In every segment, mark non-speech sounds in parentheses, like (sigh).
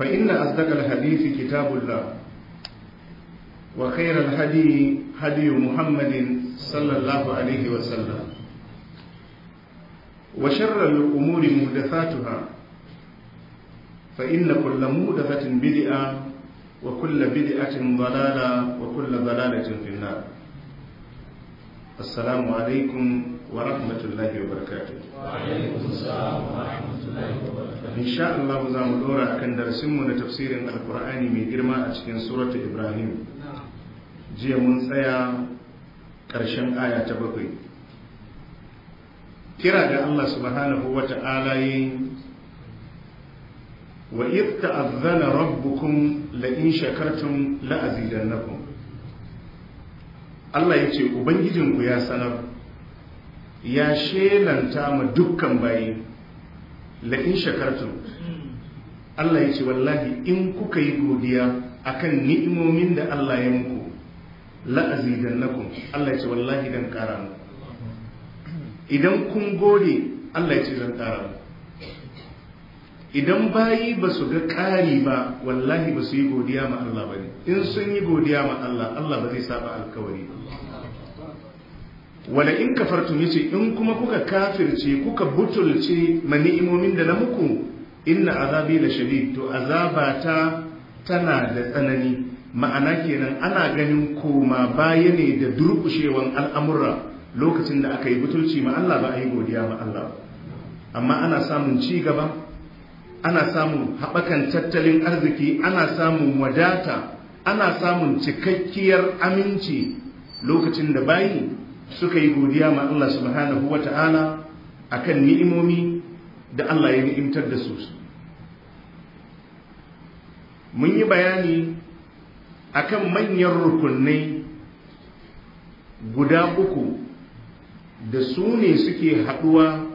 فإن أصدق الحديث كتاب الله وخير الهدي هدي محمد صلى الله عليه وسلم وشر الأمور مهدثاتها فإن كل مهدثة بدئة وكل بدئة ضلالة وكل ضلالة في النار assalamu alaikum wa rahmatullahi wa barakatuh insha Allah za mu dora akan darasinmu na tafsirin alkur'ani mai girma a cikin suratu ibrahim jiya mun tsaya ƙarshen aya ta bakwai kira ga Allah subhanahu wa ta'ala yi wa idh ta'adhana rabbukum la in shakartum la azidannakum Allah ya ce ubangijinku ya sanar ya shelanta ma dukkan bayi la'in shakartun Allah ya ce wallahi in kuka yi godiya akan ni'imomin da Allah ya muku nakun Allah ya ce wallahi dan kara mu idan kun gode Allah ya ce zan kara idan bayi ba su ga ƙari ba wallahi ba su yi godiya ma Allah ba ne in sun yi godiya ma Allah Allah ba zai saba alkawari wala in kafartum ce in kuma kuka kafirce kuka butulce ma ni'imomin da na muku inna azabi la shadid to ta tana da tsanani ma'ana kenan ana ganin koma baya ne da durƙushewan al'amura lokacin da aka yi butulci ma Allah ba a yi godiya ma Allah amma ana samun ci gaba ana samun haɓakan tattalin arziki ana samun wadata ana samun cikakkiyar aminci lokacin da bayi suka yi godiya ma Allah subhanahu wa ta'ala akan ni'imomi da Allah ya ni'imtar da su mun yi bayani akan manyan rukunai guda uku da su ne suke haɗuwa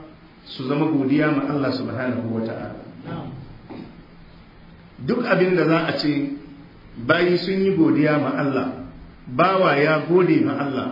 su zama godiya ma Allah subhanahu wa ta'ala duk abin da za a ce bayi sun yi godiya ma Allah bawa ya gode ma Allah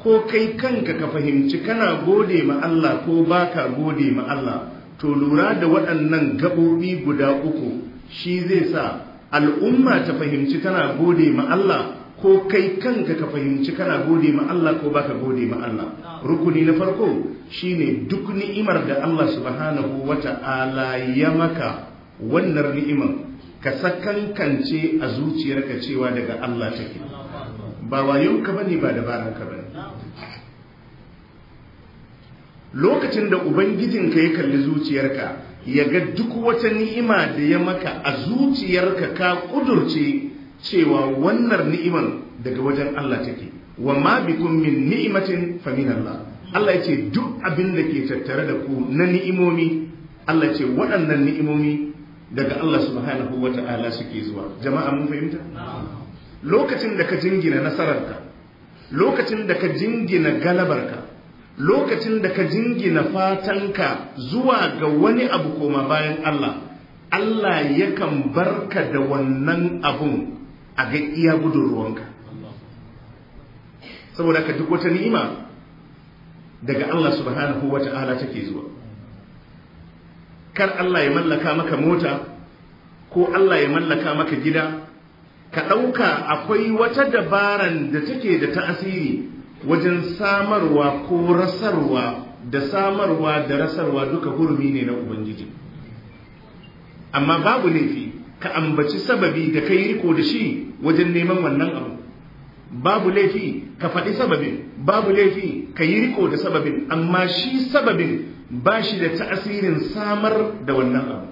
ko kai kanka ka fahimci kana gode ma Allah ko baka gode ma Allah to lura da waɗannan gaɓoɓi guda uku shi zai sa al'umma ta fahimci kana gode ma Allah ko kai kanka ka fahimci kana gode ma Allah ko baka gode ma Allah rukuni na farko shine duk ni'imar da Allah subhanahu wata'ala ya maka wannan ni'imar ka sakankance a zuciyarka cewa daga Allah take ba wayonka bane ba ka bane lokacin da ubangijin ka ya kalli zuciyarka ya ga duk wata ni'ima da ya maka a zuciyarka ka kudurce cewa wannan ni'imar daga wajen Allah take wa ma bikum min ni'matin fa min Allah Allah yace duk abin da ke tattare da ku na ni'imomi Allah ce waɗannan ni'imomi daga Allah subhanahu wa ta'ala suke zuwa jama'a mun fahimta lokacin da ka jingina nasararka lokacin da ka jingina galabarka lokacin da ka jingina fatanka zuwa ga wani abu koma bayan Allah Allah yakan barka da wannan abun a ga iya gudun ruwanka saboda ka duk wata ni'ima daga Allah subhanahu wa ta'ala take zuwa kar Allah ya mallaka maka mota ko Allah ya mallaka maka gida ka ɗauka akwai wata dabaran da take da ta'asiri wajen samarwa ko rasarwa da samarwa da rasarwa duka hurumi ne na ubangiji amma babu laifi ka ambaci sababi da kai riko da shi wajen neman wannan abu babu laifi ka faɗi sababin babu laifi ka yi riko da sababin amma shi sababin ba shi da ta'asirin samar da wannan abu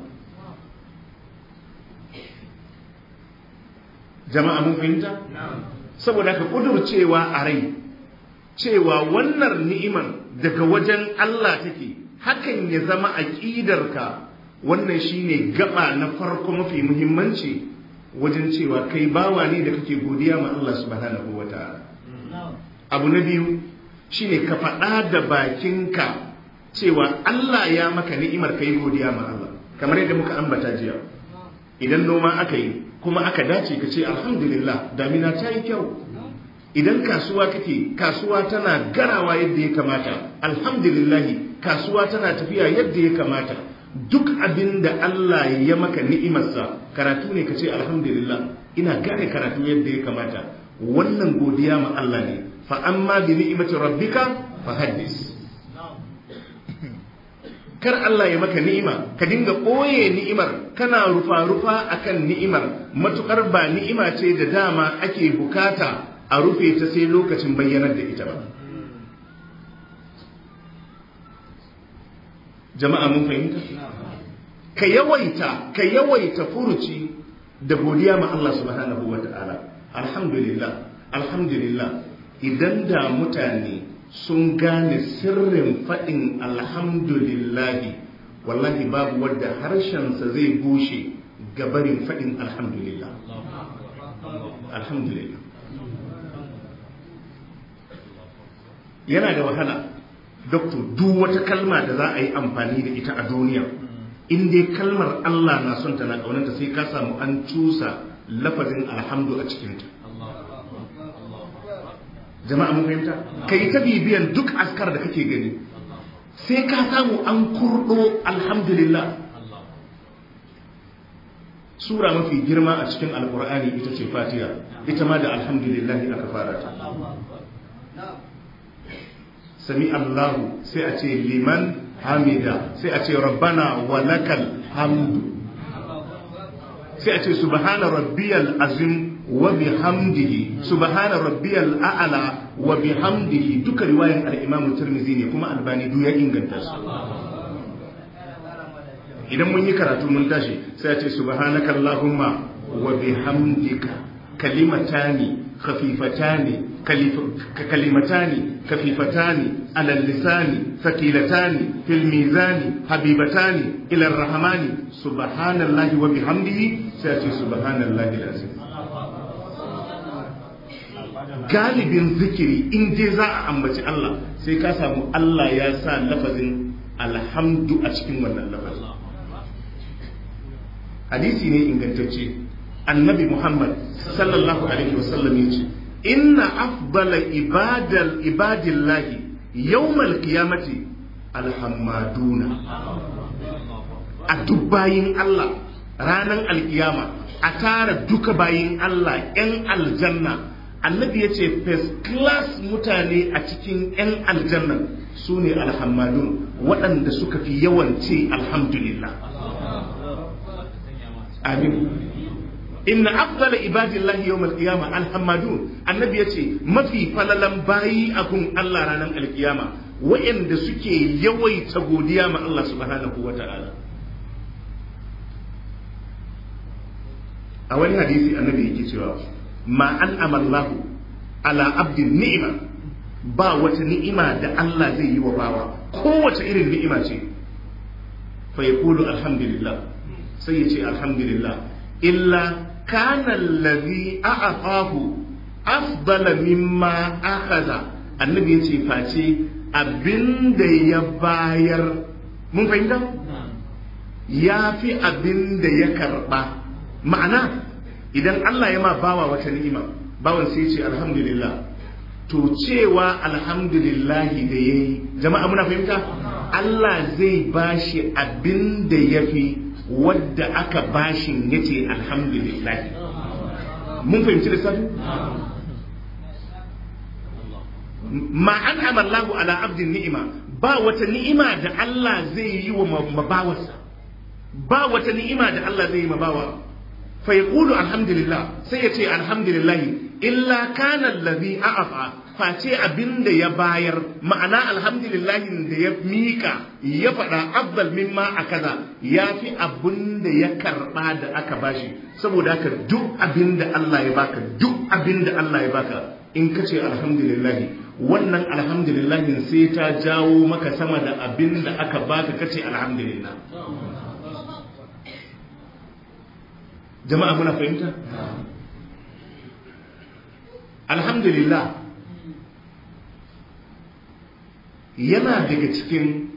jama'a mun fahimta saboda ka kudurcewa a rai cewa wannan ni'imar daga wajen Allah take hakan ya zama ka wannan shine gaba na farko mafi muhimmanci wajen cewa kai bawa ne da kake godiya ma Allah subhanahu wataala abu na biyu shine ka faɗa da bakinka cewa Allah ya maka ni'imar kai godiya ma Allah kamar yadda muka ambata jiya idan noma aka yi kuma aka dace ka ce alhamdulillah damina ta yi kyau idan kasuwa kake kasuwa tana garawa yadda ya kamata alhamdulillah kasuwa tana tafiya yadda ya kamata duk abin da Allah ya maka ni'imarsa karatu ne ka ce alhamdulillah ina gane karatu yadda ya kamata wannan godiya ma Allah ne fa amma bi ni'imati rabbika fa hadis kar Allah ya maka ni'ima ka dinga ɓoye ni'imar kana rufa-rufa akan ni'imar matukar ba ni'ima ce da dama ake bukata a rufe ta sai lokacin bayyanar da ita ba jama'a mun fahimta ka yawaita ka yawaita furuci da godiya ma Allah subhanahu wa ta'ala alhamdulillah alhamdulillah idan da mutane sun gane sirrin faɗin alhamdulillahi wallahi babu wadda harshensa zai bushe gabarin faɗin alhamdulillah yana da wahala doktor duk wata kalma da za a yi amfani da ita a duniya in dai kalmar Allah na son tana na sai ka samu an cusa lafazin alhamdu a cikinta jama'a mun fahimta kai ta bibiyan duk askar da kake gani sai ka samu an kurdo alhamdulillah sura mafi girma a cikin alkur'ani ita ce fatiha ita ma da alhamdulillah aka fara ta sami allahu sai a ce liman hamida sai a ce rabbana wa lakal hamdu sai a ce subhana rabbiyal azim wa bihamdihi subhana rabbiyal a'la duka riwayan al-imam tirmidhi ne kuma albani duk ya inganta su idan mun yi karatu mun tashi sai ya ce subhanaka allahumma kalimatani kafifatani ala lisani thaqilatani fil mizani habibatani ila rahmani subhanallahi wa bihamdihi sai subhanallahi galibin zikiri in dai za a ambaci Allah sai ka samu Allah ya sa lafazin alhamdu a cikin wannan lafazin hadisi ne ingantacce annabi Muhammad sallallahu alaihi wasallam ya ce inna afdala ibadal ibadillahi yawmal qiyamati alhamaduna. a duk bayin Allah ranar alkiyama a tara duka bayin Allah 'yan aljanna annabi ya ce first class mutane a cikin 'yan aljanna su ne alhammadun waɗanda suka fi yawan ce alhamdulillah amin inna afdala ibadillahi yawm alqiyama alhammadun annabi ya ce mafi falalan bayi akun Allah ranar alkiyama waɗanda suke yawaita godiya ma Allah subhanahu ala. a wani hadisi annabi yake cewa ma an amallahu ala abdin ni'ima ba wata ni'ima da Allah zai yi wa bawa kowace irin ni'ima ce fa yaqulu alhamdulillah sai ya ce alhamdulillah illa kana allazi a'afahu afdala mimma akhadha annabi yace face abinda ya bayar mun fahimta ya fi abinda ya karba ma'ana idan Allah ya ma bawa wata ni'ima bawan sai ce alhamdulillah to cewa alhamdulillah da yayi jama'a muna fahimta Allah zai bashi abin da yafi wadda aka bashin yace alhamdulillah mun fahimci lissafi ma an amallahu ala abdin ni'ima ba wata ni'ima da Allah zai yi wa mabawarsa ba wata ni'ima da Allah zai yi mabawa fa alhamdulillah sai ya ce alhamdulillah illa kana allazi a'ata face abinda ya bayar ma'ana alhamdulillahi da ya mika ya faɗa abdal mimma a kaza ya fi abinda ya karɓa da aka bashi saboda haka duk abinda Allah ya baka duk abinda Allah ya baka in ka ce alhamdulillahi wannan alhamdulillahi sai ta jawo maka sama da abinda aka baka kace alhamdulillah jama'a muna fahimta alhamdulillah yana daga cikin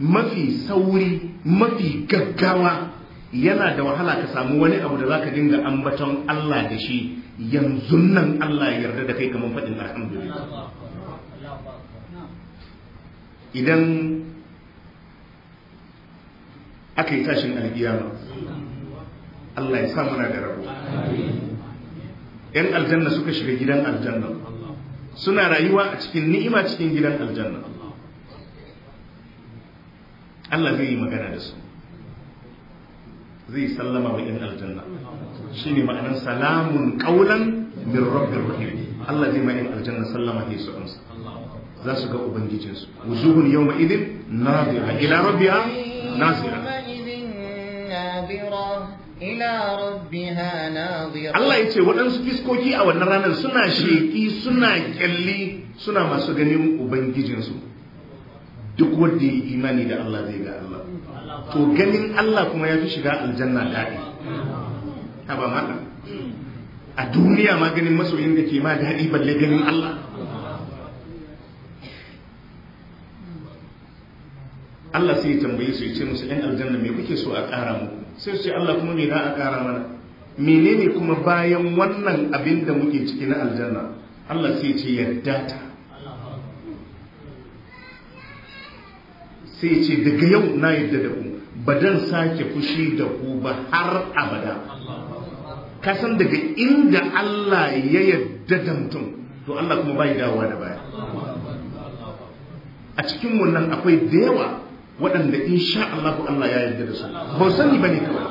mafi sauri mafi gaggawa yana da wahala ka samu wani abu da za ka dinga ambaton Allah da shi yanzu nan Allah ya yarda da kai kamar faɗin alhamdulillah idan aka yi tashin alkiyama Allah ya sa muna da rabo yan aljanna suka shiga gidan aljanna suna rayuwa a cikin ni'ima cikin gidan aljanna Allah zai yi magana da su zai sallama wa yan aljanna shine ma'anar salamun ƙaulan, min rahim Allah zai ma yan aljanna sallama ne su amsa za su ga ubangijinsu yau yawma idin nadira ila Na zira. ila rabbiha nadhira Allah yace waɗansu fiskoki a wannan ranar suna sheki suna ƙyalli, suna masu ganin ubangijinsu duk wanda ya imani da Allah zai ga Allah to ganin Allah kuma ya fi shiga aljanna daɗi Ta ba mana a duniya ma ganin masoyin da ke ma daɗi balle ganin Allah Allah sai ya tambaye su ya ce musu ‘yan aljanna me kuke so a ƙara muku sai su ce Allah kuma me za a ƙara mana menene kuma bayan wannan abin da muke ciki na aljanna Allah sai ce yadda ta sai ce daga yau na yadda da ku ba dan sake fushi da ku ba har abada kasan daga inda Allah ya yadda da mutum to Allah kuma bai dawowa da baya a cikin wannan akwai da yawa waɗanda insha allahu Allah ya yarda da su ba sani kawai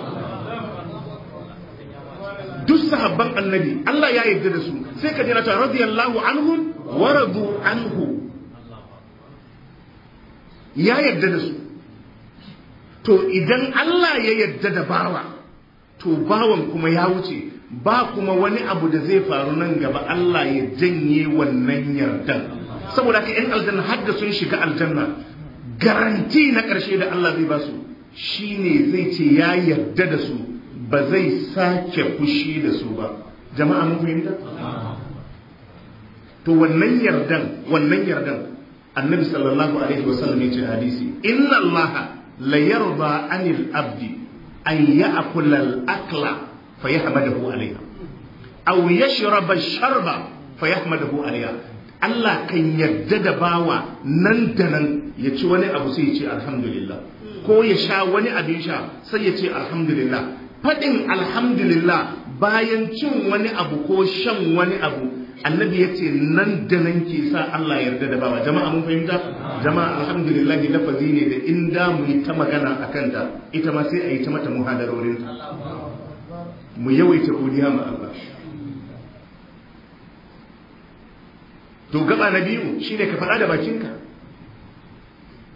duk sahabban annabi Allah ya yarda da su sai ka jira ta radiyallahu anhum wa radu anhu ya yarda da su to idan Allah ya yarda da bawa to bawan kuma ya wuce ba kuma wani abu da zai faru nan gaba Allah ya janye wannan yardan saboda ka 'yan aljanna hadda sun shiga aljanna garanti na ƙarshe da Allah zai ba su shine zai ce ya yarda da su ba zai sake fushi da su ba jama'a mun fahimta to wannan yardan wannan yardan annabi sallallahu alaihi wasallam ya ce hadisi inna Allah la yarda anil abdi an ya'kula al-akla fa yahmadahu alaiha aw yashraba ash-sharba fa yahmadahu alaiha Allah kan yarda da bawa nan da nan ya ci wani abu sai ya ce alhamdulillah ko ya sha wani abin sha sai ya ce alhamdulillah faɗin alhamdulillah bayan cin wani abu ko shan wani abu annabi ya ce nan da nan ke sa Allah yarda da bawa jama'a mun fahimta jama'a alhamdulillah lafazi ne da in da mu ta magana a kanta ita ma sai a yi ta mata muhadarorin mu yawaita godiya ma Allah to gaba na biyu shine ka faɗa da bakinka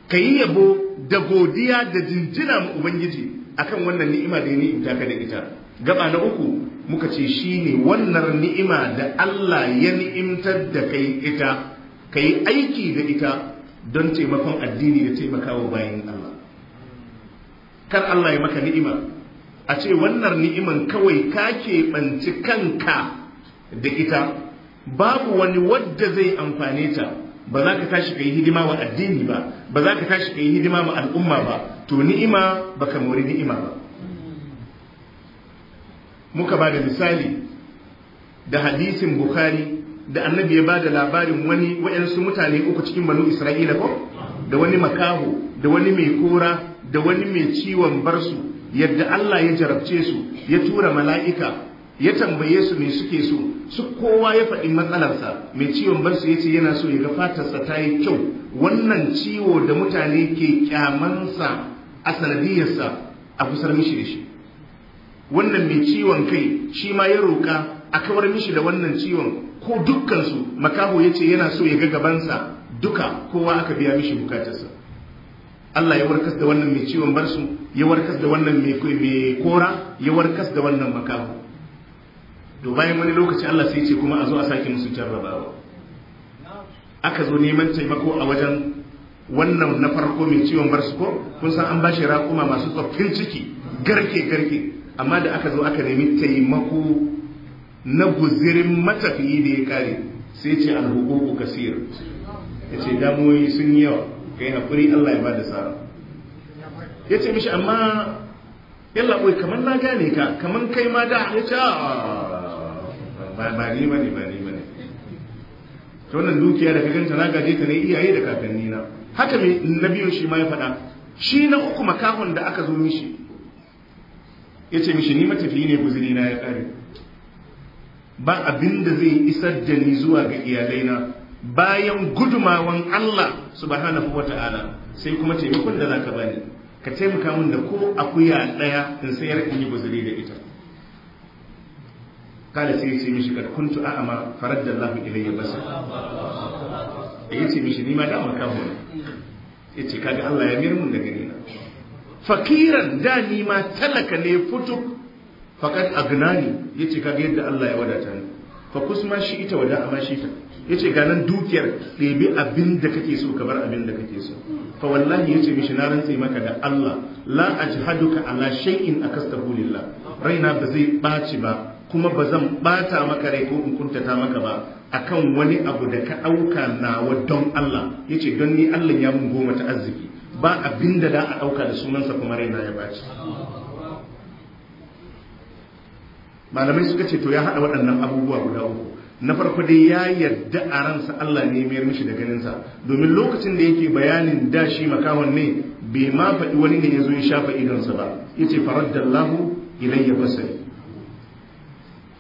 ka yi yabo da godiya da jinjina mu ubangiji akan wannan ni'ima da ya ni'imta ka da ita gaba na uku muka ce shine wannan ni'ima da Allah ya ni'imtar da kai ita ka yi aiki da ita don taimakon addini da taimakawa bayan Allah kar Allah ya maka ni'ima a ce wannan ni'iman kawai ka keɓanci kanka da ita babu wani wadda zai amfane ta ba za ka tashi ka yi hidima wa addini ba ba za ka tashi ka yi hidima ma al'umma ba to ni'ima ba ka mori ni'ima ba muka ba da misali da hadisin bukhari da annabi ya ba da labarin wani wa'yansu mutane uku cikin banu isra'ila ko da wani makaho da wani mai kora da wani mai ciwon barsu yadda allah ya jarabce su ya tura mala'ika ya tambaye su me suke so su kowa ya faɗi matsalarsa mai ciwon barsu ya ce yana so ya ga fatarsa ta yi kyau wannan ciwo da mutane ke kyamansa a sanadiyarsa a kusar mishi da shi wannan mai ciwon kai shi ma ya roƙa a kawar mishi da wannan ciwon ko dukkansu makaho ya ce yana so ya ga gabansa duka kowa aka biya mishi bukatarsa Allah ya warkas da wannan mai ciwon barsu ya warkas da wannan mai kora ya warkas da wannan makaho to bayan wani lokaci Allah sai ce kuma a zo a sake musu jarrabawa aka zo neman taimako a wajen wannan na farko mai ciwon barsuko kun san an ba shi raƙuma masu tsoffin ciki garke garke amma da aka zo aka nemi taimako na guzirin matafiyi da ya kare sai ce ku kasir ya ce damoyi sun yi yawa kai haƙuri Allah ya ba da tsara ya ce mishi amma yalla kamar na gane ka kamar kai ma da ya ce a ba ni ne ba ni ta wannan dukiya da ka ganta na gaje ta ne iyaye da kakanni na haka me nabiyo shi ma ya faɗa shi na uku makahon da aka zo mishi ya ce mishi ni matafiyi ne guzuri na ya kare ba abinda zai isar da ni zuwa ga iyalai na bayan gudumawan Allah subhanahu wata'ala sai kuma taimakon da ka bani ka taimaka min da ko akuya daya in sayar in yi guzuri da ita قال sai ce mishi قد كنت اعمى فرد الله الي basa yace mishi ni ma da maka يتي كاد kaga Allah ya mirmun da داني ما fakiran da ni ma talaka ne كاد يد الله يا kaga yadda Allah ya wadata fa shi ita wada amma shi ta yace ga nan dukiyar ɗebi abin da kake so ka bar abin da kake so fa wallahi yace mishi na rantsi maka da Allah la ajhaduka ala shay'in akastahu lillah raina ba zai baci ba kuma ba zan bata maka rai ko in kuntata maka ba akan wani abu da ka ɗauka nawa don Allah ya ce don ni Allah ya mun goma ta arziki ba abin da da a ɗauka da sunansa kuma raina ya baci malamai suka ce to ya haɗa waɗannan abubuwa guda uku na farko dai ya yarda a ransa Allah ne mayar mishi da ganinsa domin lokacin da yake bayanin da shi makawan ne bai ma faɗi wani ne ya zo ya shafa idonsa ba ya ce faraddallahu ilayya basari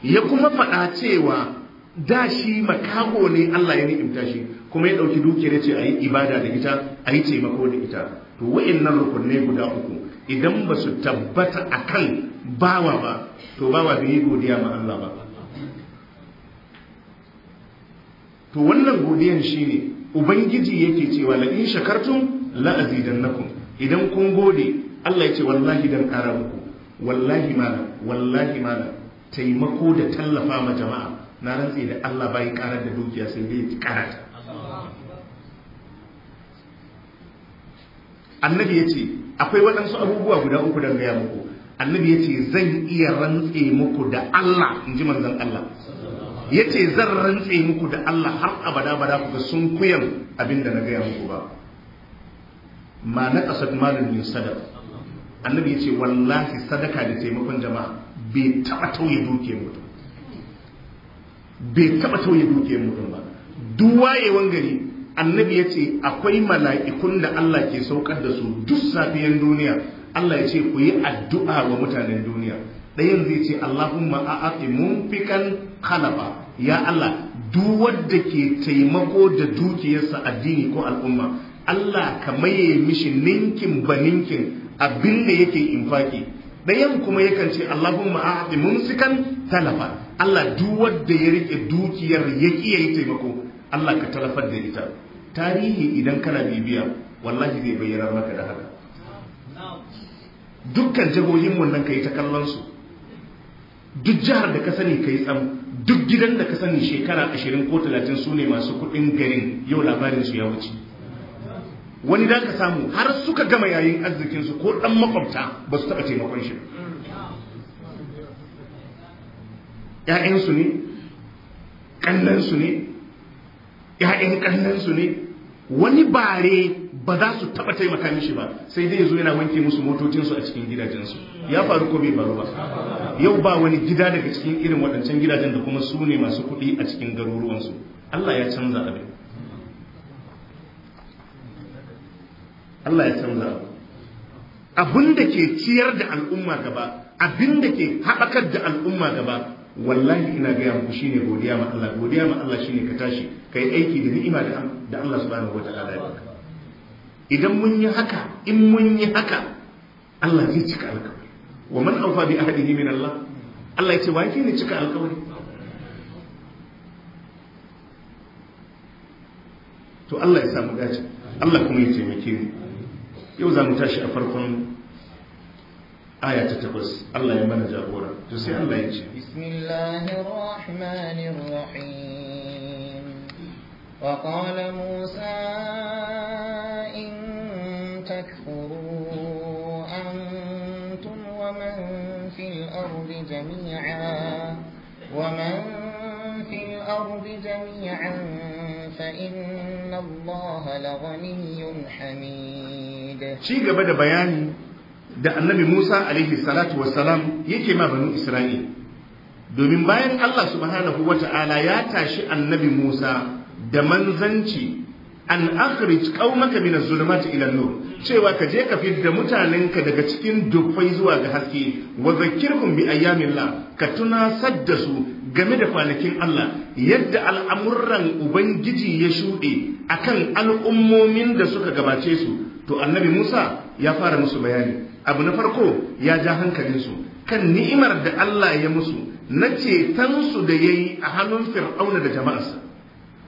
ya kuma faɗa cewa da shi makaho ne Allah ya nufin shi kuma ya ɗauki dukiyar ce a yi ibada da ita a yi taimako da ita to wa'in nan rukunai guda uku idan ba su tabbata a kan bawa ba to bawa bai yi godiya ma Allah ba to wannan godiyan shi ne ubangiji yake cewa la in shakartum la azidannakum idan kun gode Allah ya ce wallahi dan ƙara muku wallahi mana wallahi mana taimako da tallafa ma jama'a na rantse da Allah bai karar da dukiya sai dai karata annabi ya ce akwai waɗansu abubuwa guda uku don gaya muku annabi ya ce zan iya rantse muku da Allah in ji manzan Allah ya ce zan rantse muku da Allah har abada bada ku ga sun kuyan abinda na gaya muku ba ma na ƙasar malin yin sadaka annabi ya ce wallahi sadaka da taimakon jama'a bai taba tauye duke mutum bai taba tauye mutum ba duk gari annabi ya ce akwai mala'ikun da Allah ke saukar da su duk safiyan duniya Allah ya ce ku yi addu'a wa mutanen duniya ɗayan zai ce Allahumma a'afi munfikan khalafa ya Allah duk wanda ke taimako da dukiyarsa addini ko al'umma Allah ka maye mishi ninkin ba ninkin abin da yake infaki ɗayan kuma yakan ce allahun mun munsikan talafa Allah duk wanda ya rike dukiyar ya yi taimako Allah ka talafar da ita tarihi idan kana bibiya wallahi zai bayyana maka da haka dukkan jagohin mun nan kai ta kallon su duk jihar da ka sani kai tsam duk gidan da ka sani shekara 20 ko 30 su ne masu kuɗin garin yau labarin su ya wuce wani da ka samu har suka gama yayin arzikinsu ko dan makwabta ba su taba taimakon shi ‘ya'yansu ne ƙannansu ne ‘ya'yan ƙannansu ne wani bare ba za su taba taimaka mishi ba sai dai zo yana wanke musu motocinsu a cikin gidajensu ya faru ko bai faru ba yau ba wani gida daga cikin irin waɗancan gidajen da kuma su ne masu kuɗi a cikin garuruwansu Allah ya canza abin Allah ya canza abu abin da ke ciyar da al'umma gaba abin da ke haɓakar da al'umma gaba wallahi ina gaya muku shine godiya ma Allah godiya ma Allah shine ka tashi ka yi aiki da ni'ima da Allah subhanahu wataala ya baka idan mun yi haka in mun yi haka Allah zai cika alƙawari wa man awfa bi ahdihi min Allah Allah ya ce wa ne cika alƙawari to Allah ya samu gaci. Allah kuma ya taimake mu yau za mu tashi a farkon aya ta takwas Allah ya mana jagora to sai Allah ya ce bismillahir rahmanir rahim wa qala musa in takfuru antum wa man fil ardi jami'a wa man fil ardi jami'an fa inna allaha laghaniyyun hamid ci gaba da bayani da annabi Musa alaihi salatu wassalam yake ma banu Isra'il domin bayan Allah subhanahu wata'ala ya tashi annabi Musa da manzanci an akhrij qaumaka min az-zulumati ila nur cewa ka je ka fitar mutanenka daga cikin dufai zuwa ga haske wa zakkirhum bi ayyamillah ka tuna sadda su game da kwanakin Allah yadda al'amuran ubangiji ya shuɗe akan al'ummomin da suka gabace su to annabi Musa ya fara musu bayani abu na farko ya ja hankalinsu kan ni'imar da Allah ya musu na cetonsu da ya yi a hannun fir'auna da jama'arsa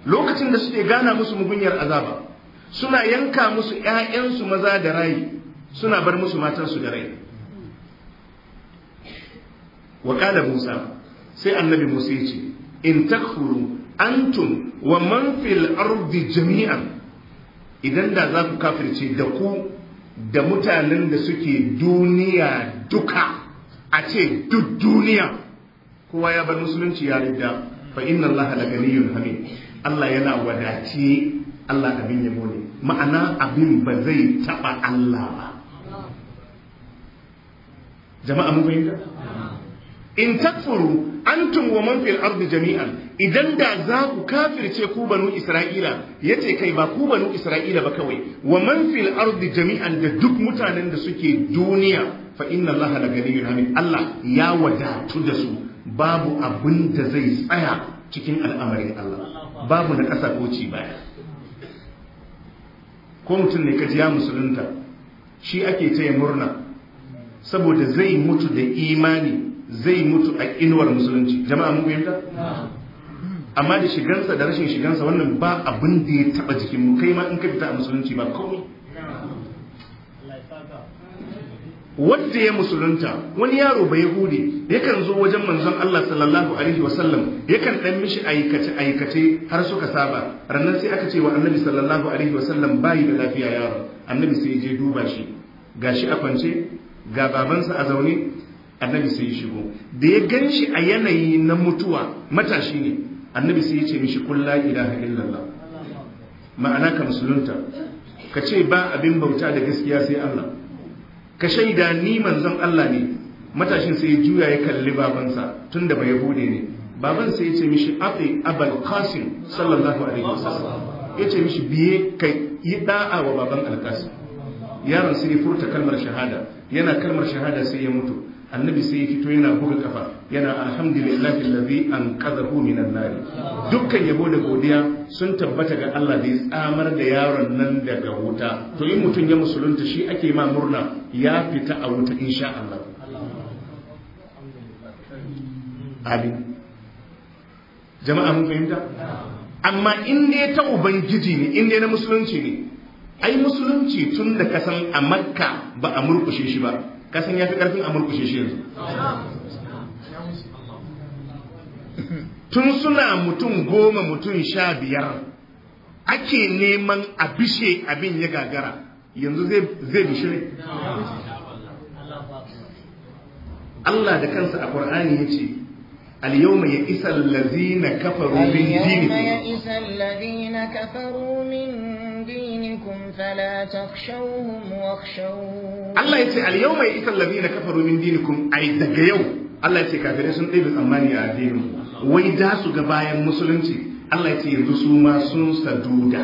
lokacin da suke gana musu mugunyar azaba suna yanka musu ‘ya'yansu maza da rai suna bar musu matansu da rai wa musa sai annabi musa ya ce in takfuru antum wa man fil ardi jami'an idan da za ku kafirce da ku da mutanen da suke duniya duka a ce duk duniya kowa ya bar musulunci ya rida fa inna Allah la ganiyun hamid Allah yana wadaci Allah abin ya ne ma'ana abin ba zai taba Allah ba jama'a mu fahimta in takfuru antum wa man fil ardi jami'an idan da za ku kafirce ku banu isra'ila ya ce kai ba ku banu isra'ila ba kawai wa man fil ardi jami'an da duk mutanen da suke duniya fa inna allaha la ganiyyun hamid allah ya wadatu da su babu abin da zai tsaya cikin al'amarin allah babu na ƙasa ko ci baya ko mutum ne ka ya musulunta shi ake ce murna saboda zai mutu da imani zai mutu a inuwar musulunci jama'a mun fahimta amma da shigansa da rashin shigansa wannan ba abin da ya taba jikin mu kai ma in ka fita a musulunci ba komai wanda ya musulunta wani yaro bai hude yakan zo wajen manzon Allah sallallahu alaihi wasallam yakan ɗan mishi aikace aikace har suka saba rannan sai aka ce wa annabi sallallahu alaihi wasallam bai da lafiya yaro annabi sai je duba shi ga shi a kwance ga babansa a zaune annabi sai yi shigo da ya gan shi a yanayi na mutuwa matashi ne annabi sai ya ce mishi kulla ilaha illallah ma'ana ka musulunta ka ce ba abin bauta da gaskiya sai Allah ka shaida ni manzon Allah ne matashin sai ya juya ya kalli babansa tunda bai yahude ne baban sai ya ce mishi ati abal qasim sallallahu alaihi wasallam ya ce mishi biye ka yi da'a wa baban alqasim yaron sai ya furta kalmar shahada yana kalmar shahada sai ya mutu annabi sai ya fito yana buga kafa yana alhamdulillah allazi min an nar dukkan yabo da godiya sun tabbata ga Allah da ya tsamar da yaron nan daga wuta to in mutum ya musulunta shi ake ma murna ya fita a wuta insha Allah abi jama'a mun fahimta amma in dai ta ubangiji ne in dai na musulunci ne ai musulunci tun da kasan a makka ba a murkushe shi ba kasan ya fi karfin Amurku sheshe shi yanzu tun suna mutum goma mutum sha biyar ake neman abishe abin ya gagara yanzu zai bishe ne Allah da kansa a Qur'ani ya اليوم يئس الذين كفروا من دينهم اليوم يئس الذين كفروا من منكم فلا تخشوهم واخشوهم الله يتي اليوم يئس الذين كفروا من دينكم اي daga yau Allah ya ce سن sun ɗebe يا a addinin wai da su ga bayan musulunci Allah ya ce yanzu su ma sun saduda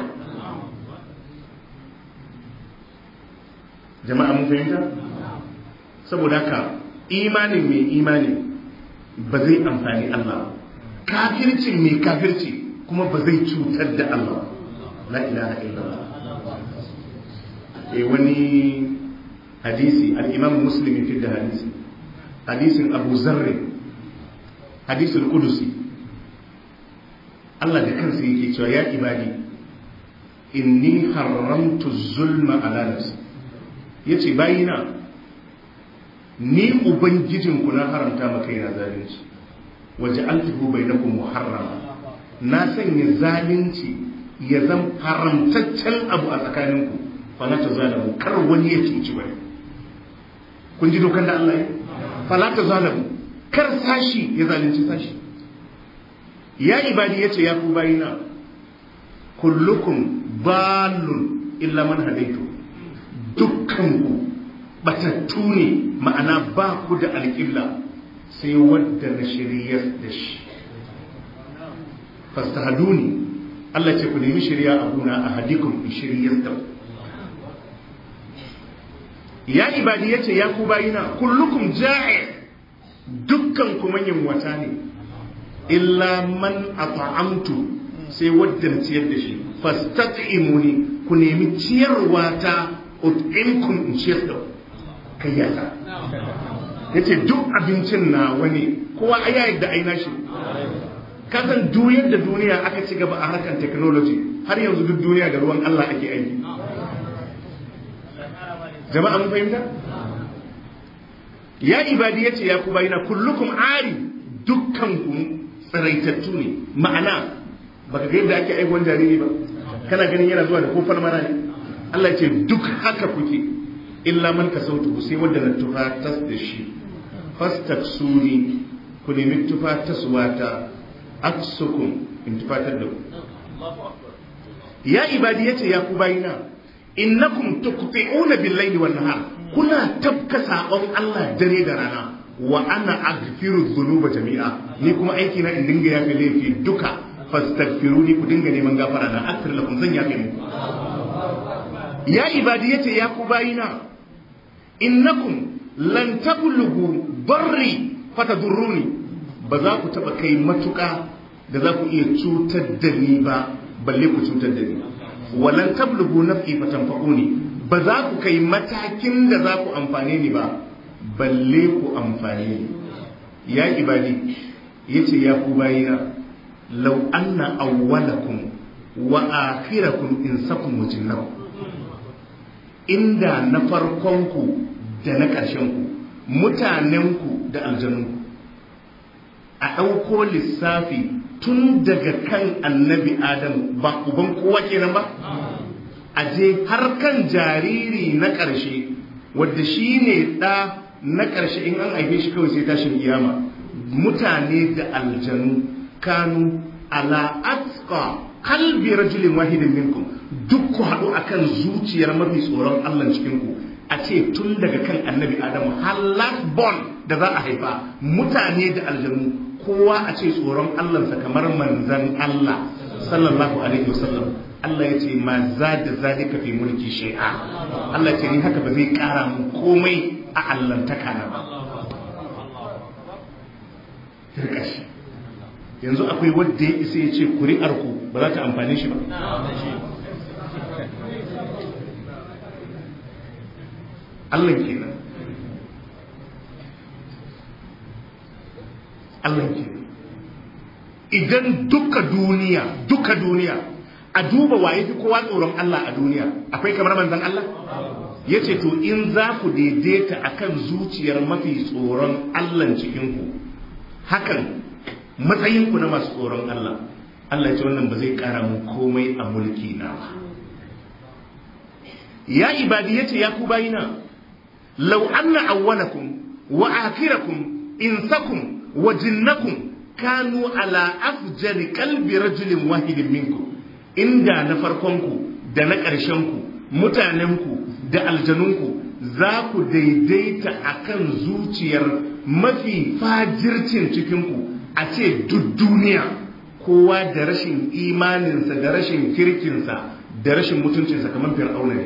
jama'a mun fahimta saboda haka imanin mai imani ba zai amfani Allah kafircin mai kafirci kuma ba zai cutar da Allah la ilaha illallah e wani hadisi al-imam fi da hadisi hadisin abu zarri hadisin kudusi Allah da kansa yake cewa ya ibadi ni haramtu zulma ala ya yace bayina ni ubangijin ku na haramta maka yana zalunci waje bai na kuma harama, na sanya zalunci ya zan haramtaccen abu a tsakaninku fala ta zalamu kar wani ya cuci wani kun ji dokan da Allah ya fala ta zalamu kar sashi ya zalunci sashi ya ibadi yace ya ku bayina kullukum balun illa man hadaitu dukkanku batattu ne ma'ana ba ku da alƙilla sai wadda na shiriyar da shi haduni Allah ce ku nemi shirya abuna a hadikun shiriyar da ku ya ibadi ya ce ya ku bayina kullukum ja'i dukkan ku manyan wata ne illa man at'amtu sai wadda ciyar da shi fastat'imuni ku nemi ciyarwa ta ut'imkum in ciyar da kai yace duk abincin na wani kowa aya yadda aina shi kasan duk yadda duniya aka ci gaba a harkar technology har yanzu duk duniya da ruwan Allah ake aiki jama'a mun fahimta ya ibadi yace ya ku bayina kullukum ari dukkan ku tsiraitattu ne ma'ana baka ga yadda ake aiwon jariri ba kana ganin yana zuwa da kofar mara ne Allah ce duk haka kuke illa man sautu sai wanda na tufa tas da shi fastaksuni ku nemi tufa taswata aksukum in tufatar da ku ya ibadi yace ya ku bayina innakum tuqti'una bil-layli wan-nahar kuna tabka sabon Allah dare da rana wa ana aghfiru dhunuba jami'a ni kuma aiki na in dinga yafe laifi duka fastaghfiruni ku dinga neman gafara na aghfir lakum zan yafe muku ya ibadi yace ya ku bayina innakum lan tablughu barri fatadurruni ba za ku taba kai matuka da za ku iya cutar da ni ba balle ku cutar da ni walan tablugu naf'i fatanfa'uni ba za ku kai matakin da za ku amfane ni ba balle ku amfane ni ya ibadi yace ya ku bayina law anna awwalakum wa akhirakum sakum wajinnakum inda na farkon ku da na ƙarshen ku mutanen ku da ku a ɗauko lissafi tun daga kan annabi adam ba uban kowa kenan ba aje har kan jariri na ƙarshe wadda shi ne ɗa na ƙarshe in an aife shi kawai sai tashin kiyama mutane da aljanu kanu ala atqa qalbi rajulin wahidin minkum duk ku haɗu a kan zuciyar mafi tsoron Allah cikin ku a ce tun daga kan annabi adam har born da za a haifa mutane da aljanu kowa a ce tsoron Allahnsa kamar manzan Allah sallallahu alaihi wasallam Allah ya ce ma za da ka fi mulki shay'a Allah ya ce ni haka ba zai kara mu komai a allantaka na ba tirkashi yanzu akwai wadda ya isa ya ce kuri'ar ku ba za ta amfani shi ba Allah kenan Allah ke idan duka duniya duka duniya a duba waye fi kowa tsoron Allah a duniya akwai kamar manzon Allah yace to in za ku daidaita akan zuciyar mafi tsoron Allah cikin ku hakan matsayin ku na masu tsoron Allah Allah ce wannan ba zai kara mu komai a mulki na ba ya ibadi yace ya ku bayina law anna awwalakum wa akhirakum insakum wajinnakum kanu ala afjari kalbi rajulin wahidin minkum inda na farkonku da na ƙarshenku mutanenku da aljanunku za ku daidaita akan zuciyar mafi fajircin cikinku a ce duk duniya kowa da rashin imaninsa da rashin kirkinsa da rashin mutuncinsa kamar fir'auna ne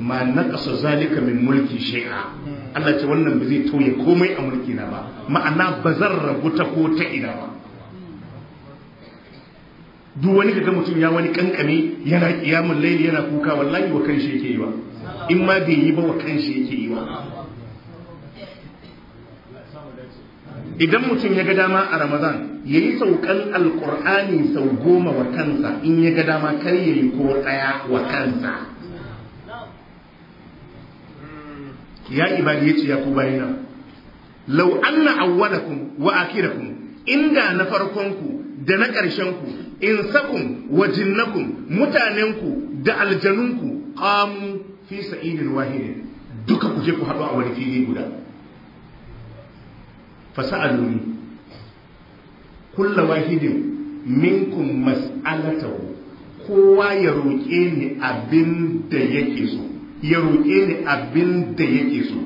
ma naqasa zalika min mulki shay'a Allah ce wannan ba zai tauye komai a mulki na ba ma'ana ba zan rabu ta ko ta ina ba duk wani kaga mutum ya wani kankame yana kiyamun laili yana kuka wallahi wa kanshi yake yi wa in ma bai yi ba wa kanshi yake yi wa idan mutum ya ga dama a ramadan ya yi saukan alkur'ani sau goma wa kansa in ya ga dama kar ya yi ko ɗaya wa kansa ya ibadi yace ya ku bayina law anna awwalakum wa akhirakum inda na farkon ku da na ƙarshen ku insakum wa jinnakum mutanen ku da aljanunku ku qamu fi sa'idin wahid duka ku je ku haɗu a wani fili guda fasa'aluni kulla wahidin minkum mas'alatahu kowa ya roƙe ni abin da yake so ya roƙe ni abin da yake so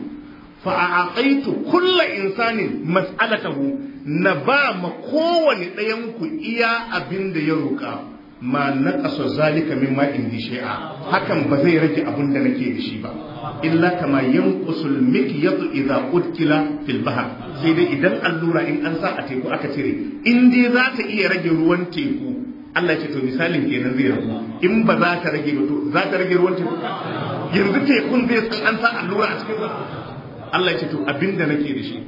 fa a aqaitu kulla insanin mas'alatahu na ba ma kowane ɗayan ku iya abin da ya roƙa ma naqasa zalika min ma indi shi'a hakan ba zai rage abin da nake da shi ba illa kama yanqusul mikyatu idza udkila fil bahr sai dai idan allura in an sa a teku aka cire in dai za ta iya rage ruwan teku Allah ya ce to misalin kenan zai rabu in ba za ta rage ba to za ta rage ruwan teku yanzu tekun zai san an sa allura a cikin Allah ya ce to abinda nake da shi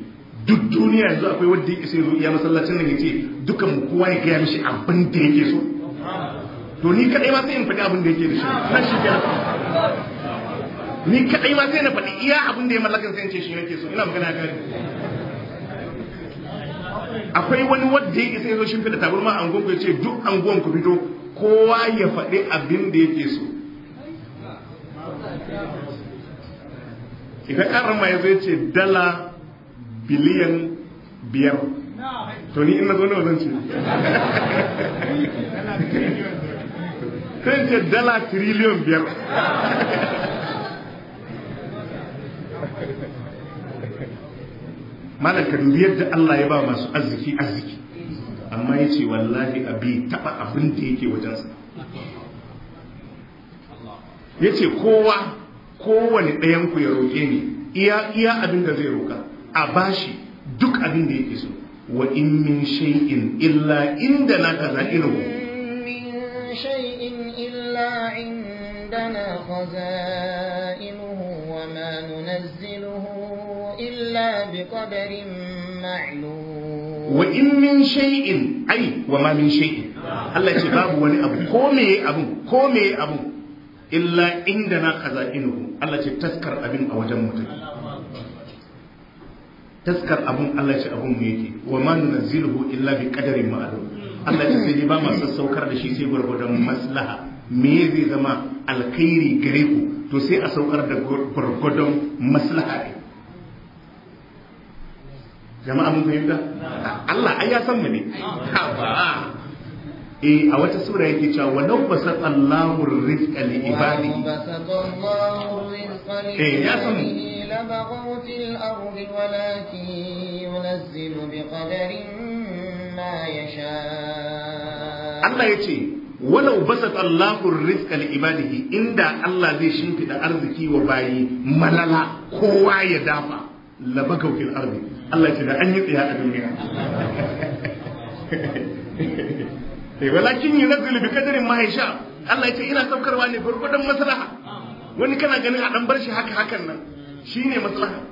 duk duniya yanzu akwai wanda ya isa ya masallacin nan yake dukan mu kowa ya gaya mishi abin da yake so to ni kadai ma sai in faɗi abin da yake da shi na shi kenan ni kadai ma sai na faɗi iya abin da ya mallakan sai in ce shi nake so ina magana kare akwai wani wanda ya isa ya zo shimfiɗa tabarma a angon ku ya ce duk angon ku fito kowa ya faɗi abin da yake so idan arama ya zai ce dala biliyan biyar to ni ina zaune wajen zan ce Kan ce dala tiriliyon biyar malaka dubi yadda Allah ya ba masu arziki arziki amma ya ce wallahi abi taba abin da yake wajensa ya ce kowa kowane ɗayanku ya roƙe ni iya iya abin da zai roƙa a bashi duk abin da yake so wa in min shay'in illa inda na kaza Wa min irin عندنا خزائنه وما ننزله إلا Wa in min من ai wa ma min شيء Allah ce babu wani abu ko me abu ko me abu illa inda na kaza inuhu Allah ce taskar abin a wajen mutum taskar abun Allah ce abin mu yake wa ma nunzilu illa bi qadarin ma'lum Allah ce sai ba masu saukar da shi sai gwargwadon maslaha me zai zama alkhairi gare ku to sai a saukar da gwargwadon maslaha ne jama'a mun fahimta Allah ai ya san mu ne ha ba eh a wata sura yake cewa wa law basa Allahu rizqa li ibadihi eh ya san labaghaw fil ardi walakin yunzilu biqadarin ma yasha Allah basat Allahu rizqa li ibadihi inda Allah zai shimfida arziki wa bayi malala kowa ya dafa labaghaw fil ardi Allah ya ce da an yi tsaya a duniya (laughs) Eh, walakin yunazzilu bi qadarin ma mahaisha, Allah ce ina saukarwa ne gurgudan maslaha wani kana ganin a dan bar shi haka hakan nan shine maslaha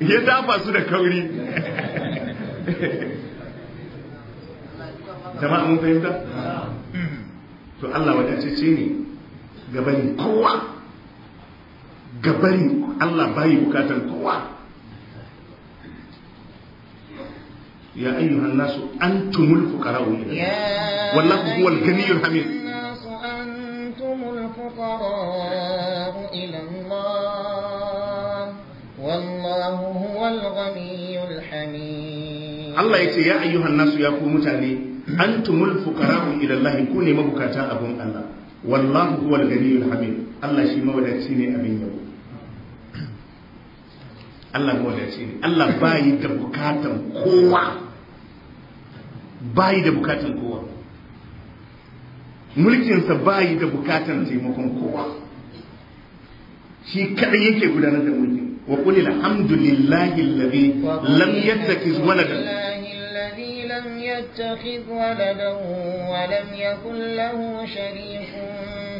ya dafa su da kauri jama'a mun fahimta to Allah ce, ce ne gabanin kowa gabanin Allah bai bukatan kowa يا أيها الناس أنتم الفقراء إلى والله هو الغني الحميد الناس أنتم الفقراء إلى الله والله هو الغني الحميد الله يتي يا أيها الناس يا قوم تاني أنتم الفقراء إلى الله كوني مبكاتا أبون الله والله هو الغني الحميد الله شيما ودتيني أبين يبو Allah mawadaci ne Allah bayi da bukatan kowa bayi da bukatan kowa mulkinsa bayi da bukatan taimakon kowa shi kadai yake gudanar da mulki wa qul alhamdulillahi alladhi lam yattakhiz waladan لم يتخذ ولدا ولم يكن له شريك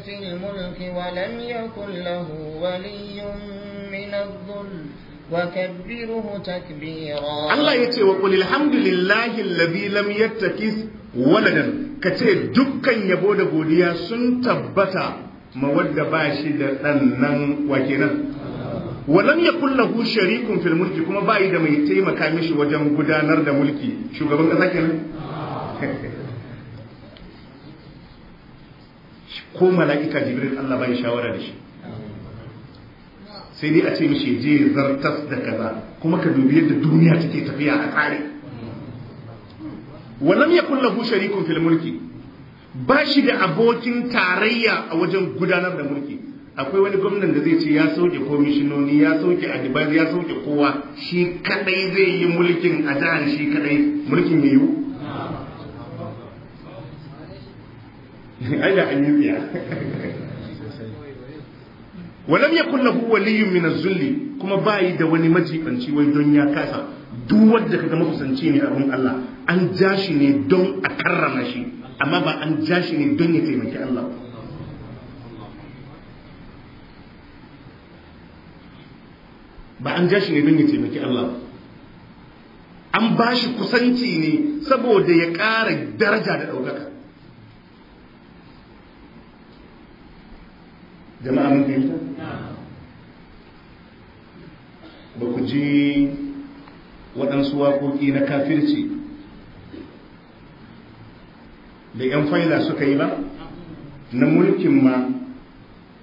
في الملك ولم يكن له ولي من الظلم وَكَبِّرُهُ تَكْبِيرًا Allah ya ce wa ƙuli alhamdulillahi labi lam yattakis waladan ka ce dukkan yabo da godiya sun tabbata mawadda ba shi da ɗan nan wake nan. ya kulla hu sharikun mulki kuma ba da mai taimaka mishi wajen gudanar da mulki shugaban ƙasa kenan. Ko mala'ika Jibril Allah bai shawara da shi. sai dai a ce mishi je zartas da kaza kuma ka dubi yadda duniya take tafiya a tsari walam yakun lahu sharikun fil mulki ba shi da abokin tarayya a wajen gudanar da mulki akwai wani gwamnan da zai ce ya sauke komishinoni ya sauke adibaz ya sauke kowa shi kadai zai yi mulkin a jihar shi kadai mulkin ya yiwu (laughs) ai da an yi (laughs) walam yakun lahu waliyyun min az-zulli kuma bayi da wani majibanci wai don ya kasa duk wanda kaga makusanci ne abun Allah an ja ne don a karrama shi amma ba an ja ne don ya taimaki Allah ba an ja ne don ya taimaki Allah an ba kusanci ne saboda ya ƙara daraja da ɗaukaka jama'a mun fahimta ba ku ji waɗansu waƙoƙi na kafirci da 'yan faila suka yi ba na mulkin ma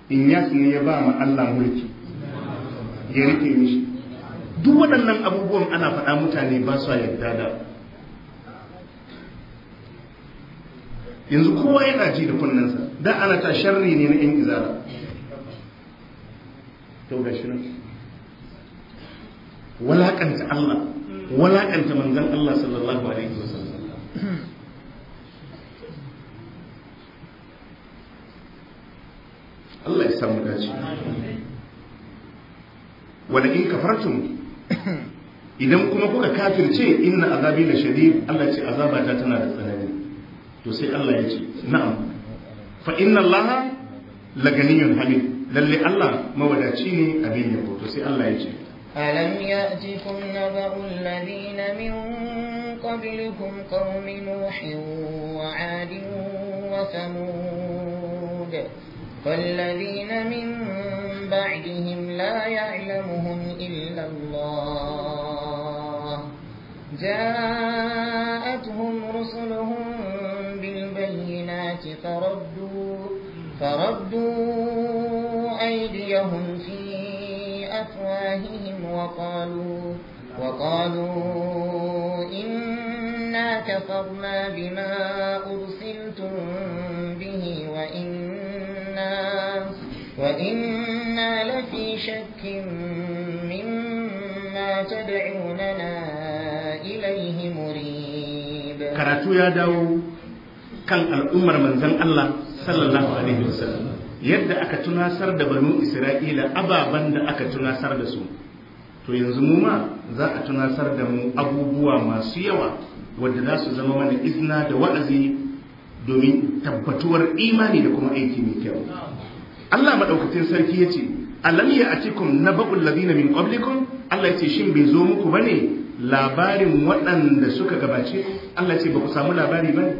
in ne ya ba ma Allah mulki ya rike mishi duk waɗannan abubuwan ana faɗa mutane ba su yarda da yanzu kowa yana ji da kunnensa da ana ta sharri ne na 'yan izara to ga shi nan walakanta Allah walakanta manzon Allah sallallahu alaihi wasallam Allah ya samu dace wala in kafartum idan kuma kuka kafirce inna azabi la shadid Allah ce azaba ta tana da tsanani to sai Allah ya ce na'am fa inna Allah laganiyun hamid lalle Allah mawadaci ne abin yabo to sai Allah ya ce alam ya'tikum naba'u alladhina min qablikum qaumin nuhin wa 'adin wa thamud والذين من بعدهم لا يعلمهم إلا الله جاءتهم رسلهم بالبينات فردوا, فردوا أخرجهم في أفواههم وقالوا وقالوا إنا كفرنا بما أرسلتم به وإنا وإنا لفي شك مما تدعوننا إليه مريب كراتو يا داو كان الأمر من زن الله صلى الله عليه وسلم yadda aka tunasar da banu isra'ila ababen da aka tunasar da su to yanzu mu ma za a tunasar da mu abubuwa masu yawa wadda za su zama mana izna da wa'azi domin tabbatuwar imani da kuma aiki mai kyau Allah maɗaukacin sarki ya ce alam ya atikum naba'ul ladina min qablikum Allah ya ce shin bai zo muku bane labarin waɗanda suka gabace Allah ya ce ba ku samu labari bane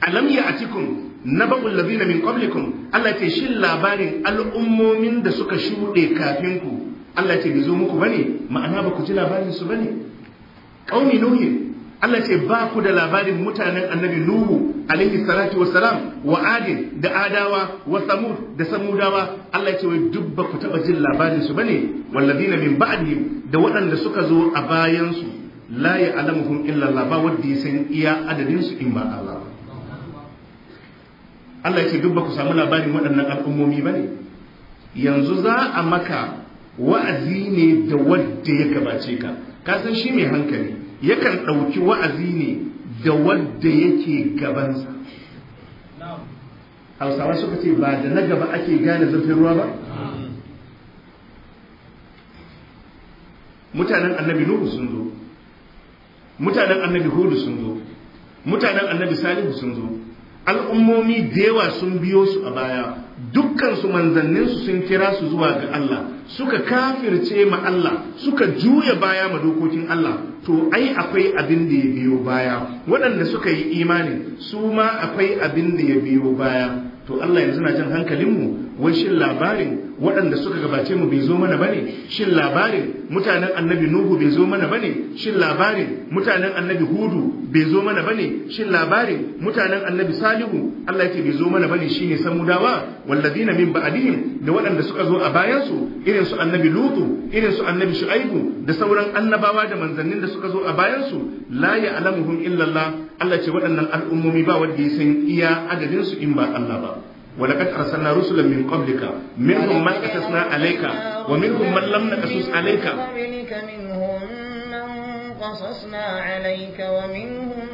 alam ya atikum naba'ul ladina min qablikum Allah ce shin labarin al'ummomin da suka shuɗe kafin ku Allah ce bizo zo muku bane ma'ana ba ku ji labarin su bane qaumi nuhi Allah ce ba ku da labarin mutanen annabi Nuhu alaihi salatu wassalam wa adin da adawa wa samud da samudawa Allah ce wai duk ba ku taba jin labarin su bane walladina min ba'dihim da waɗanda suka zo a bayansu su la ya'lamuhum illa Allah ba wadda ya san iya adadinsu in ba Allah Allah ce duk ba ku samu labarin waɗannan al'ummomi ba ne yanzu za a maka wa'azi ne da wadda ya gabace ka Kasan shi mai hankali yakan ɗauki wa'azi ne da wadda yake gabansa hausawa suka ce ba da na gaba ake gane zafin ruwa ba mutanen annabi nuhu sun zo mutanen annabi hudu sun zo mutanen annabi salihu sun zo al'ummomi da yawa sun biyo su a baya dukkan manzanninsu sun kira su zuwa ga Allah suka kafirce ma Allah suka juya baya ma dokokin Allah to ai akwai abin da ya biyo baya waɗanda suka yi imani su ma akwai abin da ya biyo baya to Allah yanzu na jan hankalinmu shi labarin waɗanda suka gabace mu bai zo mana bane shin labarin mutanen annabi nuhu bai zo mana ne? shin labarin mutanen annabi hudu bai zo mana ne? shin labarin mutanen annabi salihu Allah yake bai zo mana ba bane shine samudawa na min ba'dihim da waɗanda suka zo a bayansu? irin su annabi lutu irin su annabi shu'aibu da sauran annabawa da manzannin da suka zo a bayansu? su la ya'lamuhum illa Allah Allah ce waɗannan al'ummomi ba wanda ya san iya adadin su in ba Allah ba ولقد أرسلنا رسلا من قبلك منهم من قصصنا عليك ومنهم من لم نقصص عليك منهم من قصصنا عليك ومنهم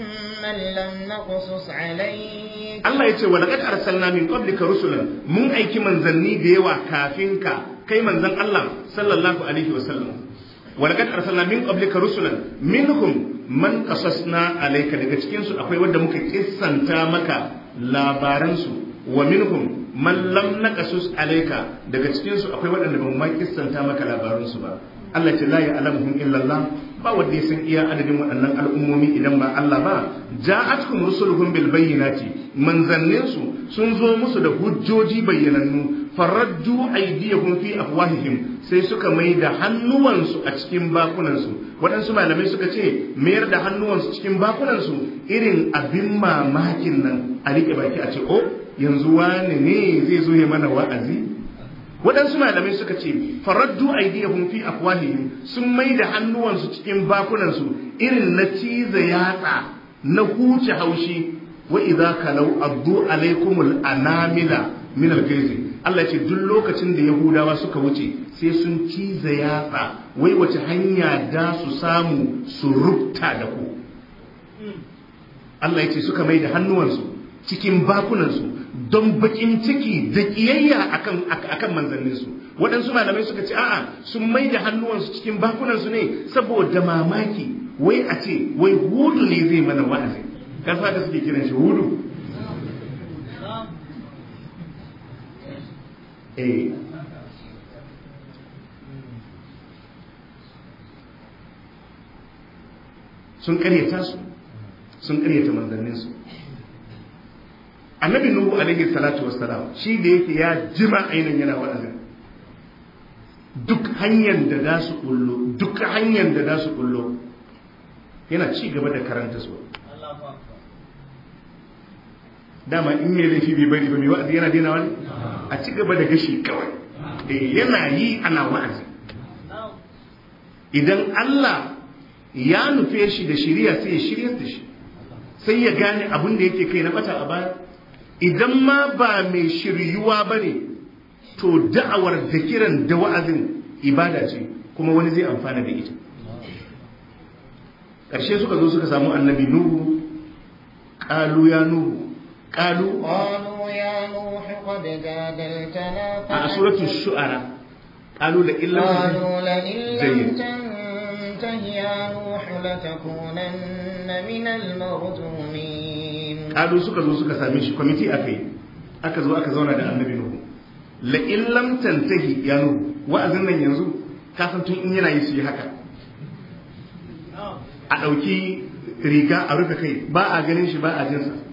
من لم نقصص عليك الله يتي ولقد أرسلنا من قبلك رسلا من أيك منزلني ديوا كافينك كي منزل الله صلى الله عليه وسلم ولقد أرسلنا من قبلك رسلا منهم من قصصنا عليك daga cikin su akwai wanda muka kissanta maka labaransu wa minhum man lam naqasus alayka daga cikin su akwai waɗanda ban ma kissanta maka labaransu su ba Allah ce la ya'lamuhum illa Allah ba wanda sun iya adadin waɗannan al'ummomi idan ba Allah ba ja'atkum rusuluhum bil bayyinati manzannin su sun zo musu da hujjoji bayyanannu faraddu aydiyahum fi afwahihim sai suka mai da hannuwansu a cikin bakunansu waɗansu malamai suka ce mayar da hannuwansu cikin bakunansu irin abin mamakin nan a riƙe baki a ce o oh, yanzu wani ne zai zo ya mana wa'azi waɗansu malamai suka ce faraddu aydiyahum fi afwahihim sun mai da hannuwansu cikin bakunansu irin na ciza yatsa na huce haushi wa idza kalau abdu alaikumul anamila min al Allah ce duk lokacin da Yahudawa suka wuce sai sun ciza yatsa wai wace hanya da su samu su rubta da ku Allah ya ce suka mai da hannuwansu cikin bakunansu don bakin ciki da kiyayya akan akan manzanninsu waɗansu malamai suka ce a'a sun mai da hannuwansu cikin bakunansu ne saboda mamaki wai a ce wai hudu ne zai mana wa'azi kasa da suke kiran shi hudu eh sun karyata su sun manzannin su. annabi nuhu alaihi salatu salam shi da yake ya jima ainihin yana wa'azin duk hanyar da za su kullo duk hanyar da za su kullo yana ci gaba da karanta su dama in ne laifi bai bari ba mai wa'azi yana daina wani a ci gaba da gashi kawai eh, yana yi ana wa'azi idan Allah ya nufe shi da shirya sai ya shirya da shi sai ya gane abin da yake kai na bata a baya idan ma ba mai shiryuwa ba ne to da'awar da kiran da wa'azin ibada ce kuma wani zai amfana da ita ƙarshe suka zo suka samu annabi nuhu ƙalu ya nuhu قالوا قالوا يا نوح قد جادلتنا سورة الشعراء قالوا لئن لم قالوا لئن لم تنته يا نوح لتكونن من المرجومين قالوا suka zo suka same shi committee akai aka zo aka zauna da annabi nuhu la'in lam tantahi ya nuhu wa'azin nan yanzu ka tun in yana yi su haka a ɗauki riga a rufe kai ba a ganin shi ba a jinsa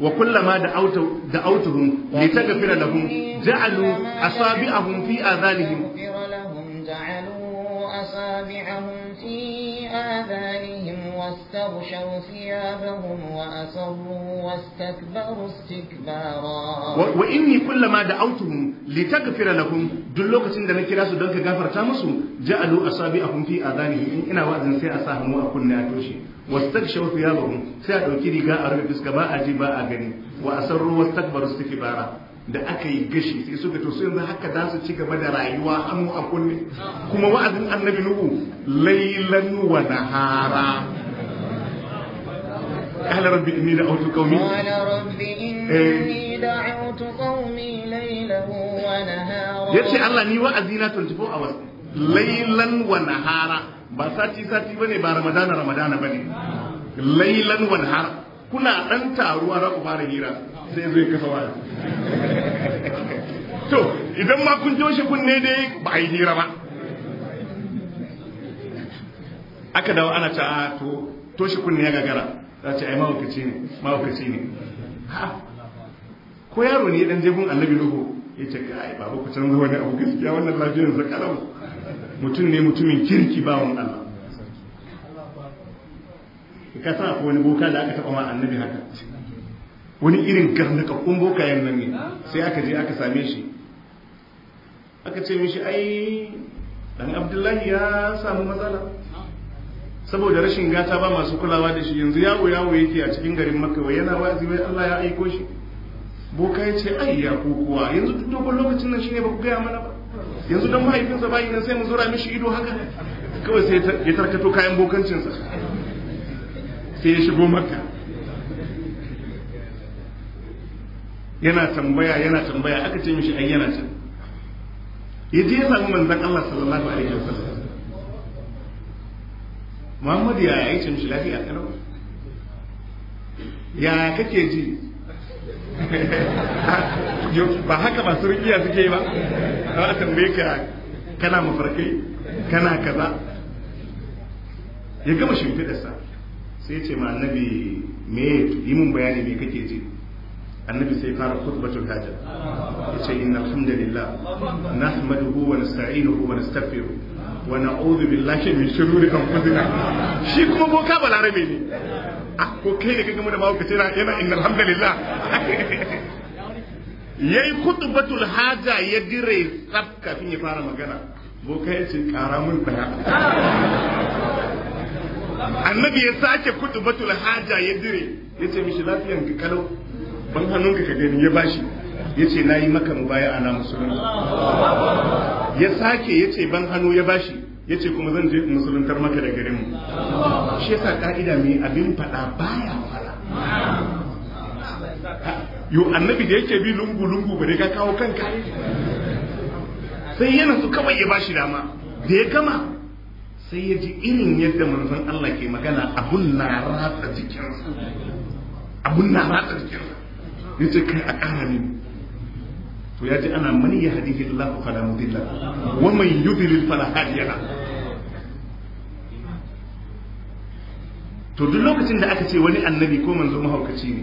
wa kullama da autu da autuhum li tagfira lahum ja'alu asabi'ahum a adhanihim واستغشوا ثيابهم وأصروا واستكبروا استكبارا وإني كلما دعوتهم لتغفر لهم دلوك سند نكرا سدنك غفر تامسو جعلوا أصابعهم في آذانهم إن إنا وأذن سي أساهم وأكون ناتوشي واستغشوا ثيابهم سيأتوا كيري غا أربي فسكبا با أغني وأصروا واستكبروا استكبارا da aka yi gashi sai su ga to su yanzu haka za su ci gaba da rayuwa hannu a kunne kuma wa'azin annabi nuhu lailan wa nahara قال رب إني دعوت قومي قال رب إني دعوت قومي ليلا ونهارا يتشي الله ني وأزينا ba sati sati bane ba ramadana ramadana bane lailan wanhar kuna dan taruwa za ku fara hira sai zai kasa waya to idan ma kun joshe kunne dai ba a yi hira ba aka dawo ana ta to toshe kunne ya gagara za ce ai mahaukaci ne mahaukaci ne ha ko yaro ne dan jefin annabi ruhu ya ce kai babu ku canza wani abu gaskiya wannan lafiyar sa kalam mutum ne mutumin kirki wani Allah ka sa ko wani boka da aka taba ma annabi haka wani irin boka yan nan ne sai aka je aka same shi aka ce mishi ai dan abdullahi ya samu matsala saboda rashin gata ba masu kulawa da shi yanzu yawo yawo yake a cikin garin makka wai yana wa'azi wai Allah ya aiko shi boka ya ce ai ya ko kuwa yanzu duk dogon lokacin nan shine ba ku gaya mana ba yanzu dan mahaifinsa ba idan sai mu zura mishi ido haka kawai sai ya tarkato kayan bokancinsa sai ya shigo makka yana tambaya yana tambaya aka ce mishi ai yana can ya je ya samu manzon Allah sallallahu alaihi wasallam muhammadu ya yi cin shi lafiya kanawa ya kake ji (laughs) ba haka masu rikiya suke yi ba a tambaye ka kana mafarkai kana kaza ya gama dasa sai ce ma annabi me yi mun bayani me kake ji annabi sai fara khutbatul hajj yace innal hamdalillah nahmaduhu wa nasta'inuhu wani stafiru wa na'udhu billahi min shururi anfusina shi kuma boka balarabe ne ah, ko kai ne kaga mu da mawuka tana yana inna alhamdulillah (laughs) yayi khutbatul haja ya dire tsaf kafin ya fara magana boka ya ce kara mun daya (laughs) annabi ya sake khutbatul haja ya dire ya ce mishi lafiyan ka kalau ban hannunka ka gani ya bashi Ya ce na yi maka mubaya'a na musulunta ya sake ya ce ban hannu ya bashi Ya ce kuma zan je musuluntar maka da garinmu mu shi yasa ka'ida mai abin fada baya fara yo annabi da yake bi lungu lungu bare ka kawo kanka sai yana su kawai ya bashi dama da ya gama sai ya ji irin yadda manzon Allah ke magana abun na ratsa jikinsa abun na ratsa jikinsa yace kai a kara ne to ya ji ana mani ya hadihi Allah fala mudilla wa man yudlil fala hadiya la to duk lokacin da aka ce wani annabi ko manzo mahaukaci ne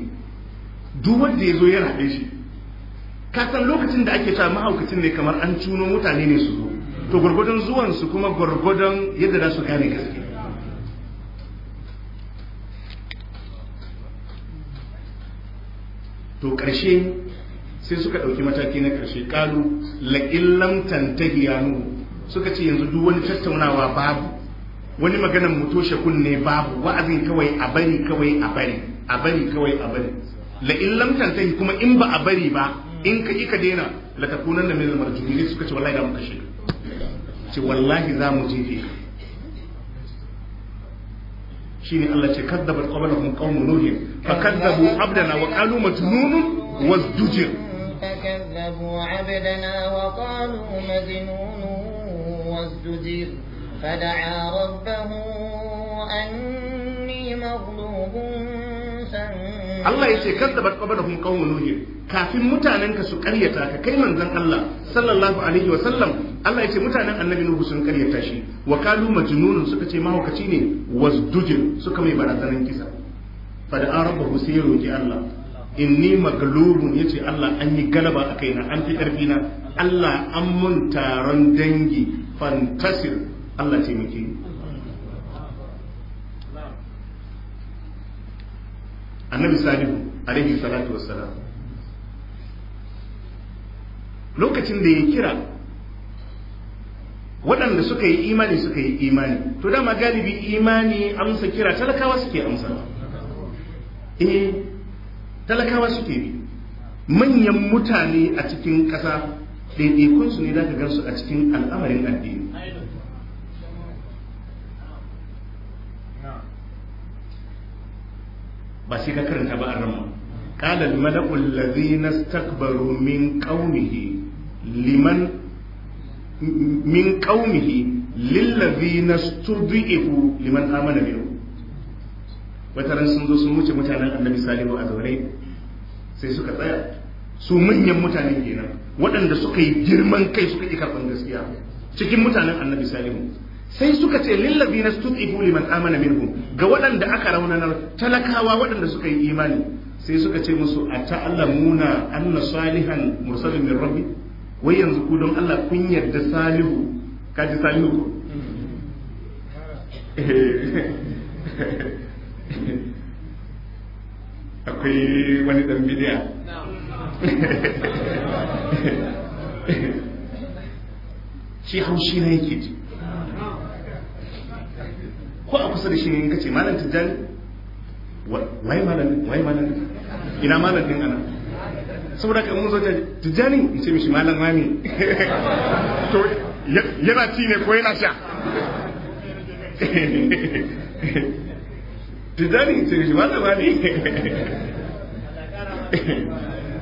duk wanda yazo ya rabe shi ka san lokacin da ake cewa mahaukacin ne kamar an cuno mutane ne su zo to gurgudun zuwan su kuma gurgudun yadda za su gane gaske to ƙarshe sai suka ɗauki mataki na ƙarshe ƙalu la'illam tantahi ya nuhu suka ce yanzu duk wani tattaunawa babu wani maganan mu toshe kunne babu wa'azin kawai a bari kawai a bari a bari kawai a bari la'illam tantahi kuma in ba a bari ba in ka ka daina la takunan da min al-marjumin suka ce wallahi da muka shiga ce wallahi za mu jefe ka shine Allah ce kaddabat qablahum qaumun nuh fa kaddabu abdana wa qalu majnunun wazdujir فكذبوا عبدنا وقالوا مجنون وازدجر فدعا ربه أني مغلوب الله يسي كذب قبلهم قوم نوح كافي متعننك سكرية كي من ذن الله صلى الله عليه وسلم الله يسي متعنن أن نبي سكرية تاشي وقالوا مجنون سكتي ما هو كتيني وزدجر سكمي بلا ذنن فدعا ربه سيرو جي الله inni maglubun yace Allah an yi galaba a kaina an fi ƙarfi na Allah an mun taron dangi fantasir Allah ce muke annabi salihu alaihi salatu wassalam lokacin da ya kira waɗanda suka yi imani suka yi imani to dama galibi imani amsa kira talakawa suke amsa eh talakawa suke bi manyan mutane a cikin ƙasa ɗaiɗaikunsu ne za ka gansu a cikin al'amarin addini ba sai ka karanta ba a rama ƙalar malakul lazina stakbaru min ƙaunihi liman min ƙaunihi lillazina stud'ifu liman amana biyu wataran sun zo sun wuce mutanen annabi salihu a zaune sai suka tsaya su manyan mutane kenan waɗanda suka yi girman kai suka ƙi karɓar gaskiya cikin mutanen annabi salihu sai suka ce lillabi na stutsifu liman amana minhum ga waɗanda aka raunanar talakawa waɗanda suka yi imani sai suka ce musu a ta'allamuna anna salihan mursalin min rabbi wai yanzu ku don Allah kun yarda salihu kaji salihu (laughs) (laughs) akwai wani dan bidiya shi haushi na yake ji ko a kusa da shi ne kace malam tijjani wai malam wai malam ina malam din ana saboda ka mun zo ta tijjani in ce mishi malam wani (laughs) to yana ci ne ko yana sha (laughs) Ti tijani ce shi malama ne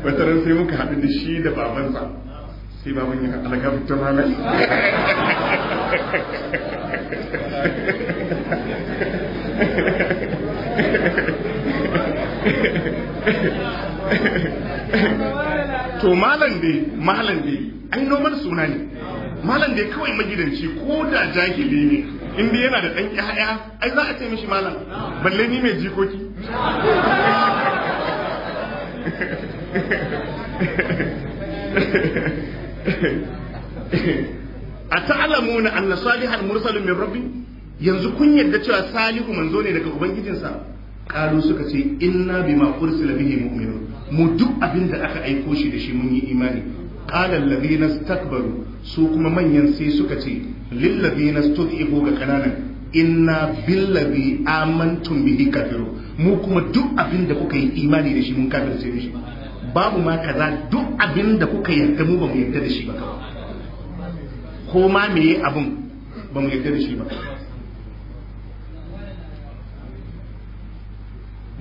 wata ran sai muka haɗu da shi da babansa sai baban yana alagabu ma malam to malam dai malam dai ai noman suna ne malam dai kawai magidanci ko da jahili ne in dai yana da ɗan ƴaƴa ai za a ce mishi malam balle ni mai jikoki a ta'alamuna anna salihan mursalu min rabbi yanzu kun yadda cewa salihu manzo ne daga ubangijinsa karu suka ce inna bima ursila bihi mu'minun mu duk abin da aka aiko shi da shi mun yi imani qala alladhina Takbaru, su kuma manyan sai suka ce na lillazina stud'ifu ga kananan inna billabi amantum bihi kafiru mu kuma duk abin da kuka yi imani da shi mun sai shi. babu ma kaza duk abin da kuka yarda mu ba mu yarda da shi ba kawai ko ma yi abin ba mu yarda da shi ba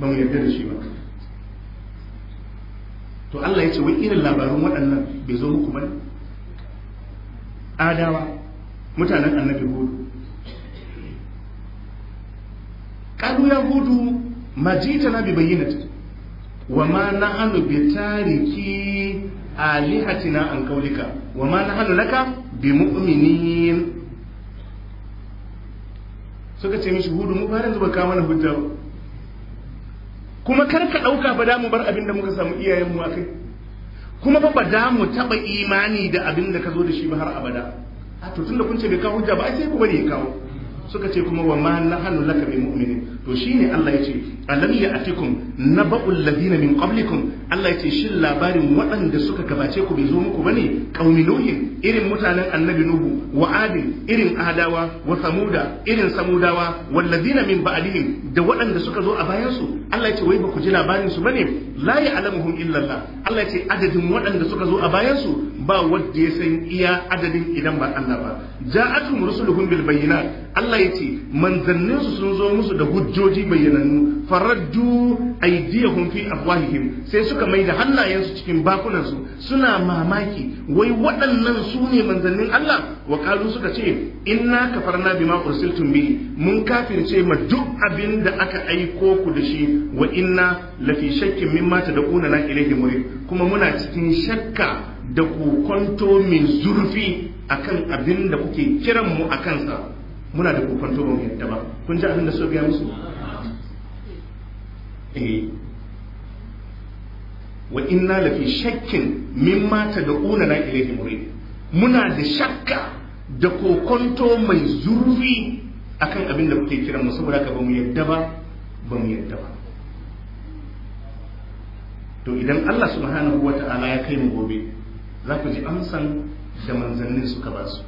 ba mu yarda da shi ba to Allah ya ce wai irin labarin waɗannan bai zo muku ba adawa mutanen annabi hudu Kadu ya hudu majita na bi ta. wa ma na nahnu bi tariki alihatina an kaulika wa ma na nahnu laka bi mu'minin suka ce mishi hudu mu bayan zuba kama na hujja kuma kar ka dauka ba da mu bar abin da muka samu iyayen mu akai kuma ba ba da mu taba imani da abin da ka zo da shi ba har abada to tunda kun ce bai kawo hujja ba ai sai ku bari ya kawo suka ce kuma wa ma nahanu laka bi mu'minin to shi ne Allah yace alam na naba'ul ladina min qablikum Allah ce shin labarin waɗanda suka gabace ku bai zo muku bane qaumi nuhin irin mutanen annabi nuhu wa adin irin adawa wa samuda irin samudawa wal ladina min ba'dihim da waɗanda suka zo a bayan su Allah ce wai ba ku ji labarin su bane la ya'lamuhum illa Allah Allah ce adadin waɗanda suka zo a bayan su ba wanda ya san iya adadin idan ba Allah ba ja'atum rusuluhum bil bayyinat Allah yace manzanninsu sun zo musu da hujja hujjoji bayyanannu faraddu aydihum fi afwahihim sai suka mai da hannayensu cikin bakunansu suna mamaki wai waɗannan su ne manzannin Allah wa kalu suka ce inna kafarna bima ursiltum bihi mun kafirce ma duk abin da aka aiko ku da shi wa inna lafi shakkin mimma tad'una na ilayhi murid kuma muna cikin shakka da ku kwanto min zurfi akan abin da kuke kiran mu akan sa muna da kokonto ba mu yadda ba kun ji abin da so biya musu eh wa inna lafi shakkin mimma tad'una na ilayhi murid muna da shakka da kokonto mai zurfi akan abin da kuke kiran mu saboda ka ba mu yadda ba ba mu yadda ba to idan Allah subhanahu wata'ala ya kai mu gobe za ku ji amsan da manzannin suka ba su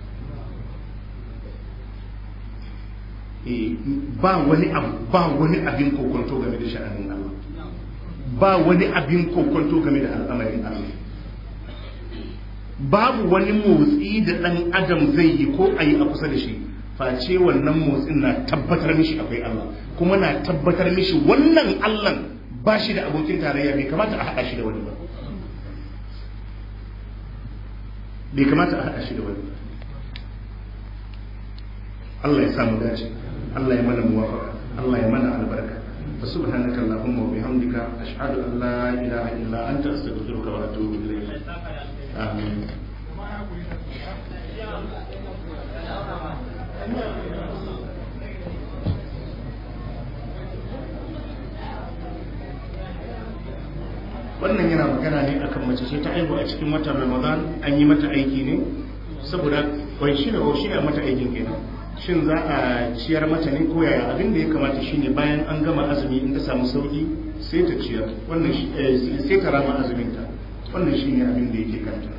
Eh, ba wani abu ba wani abin kokonto game da sha'anin Allah ba wani abin kokonto game da al'amarin Allah babu wani motsi da dan adam zai yi ko a yi a kusa da shi face wannan motsin na tabbatar mishi akwai Allah kuma na tabbatar mishi wannan Allah ba shi da abokin tarayya bai kamata a haɗa shi da wani ba bai kamata a haɗa shi da wani ba Allah ya sa mu dace Allah ya mana muwafaka. Allah ya mana albarka fa subhanaka allahumma wa bihamdika ashhadu an la ilaha illa anta astaghfiruka wa atubu ilayk amin wannan yana magana ne akan mace ce ta aibu a cikin watan ramadan an yi mata aiki ne saboda kwai shi ne shi ne mata aikin kenan shin za a ciyar mata ne ko yaya abin da ya kamata shine bayan an gama azumi in ta samu sauki sai ta ciyar wannan eh, sai ta rama azumin ta wannan shine abin da yake kanta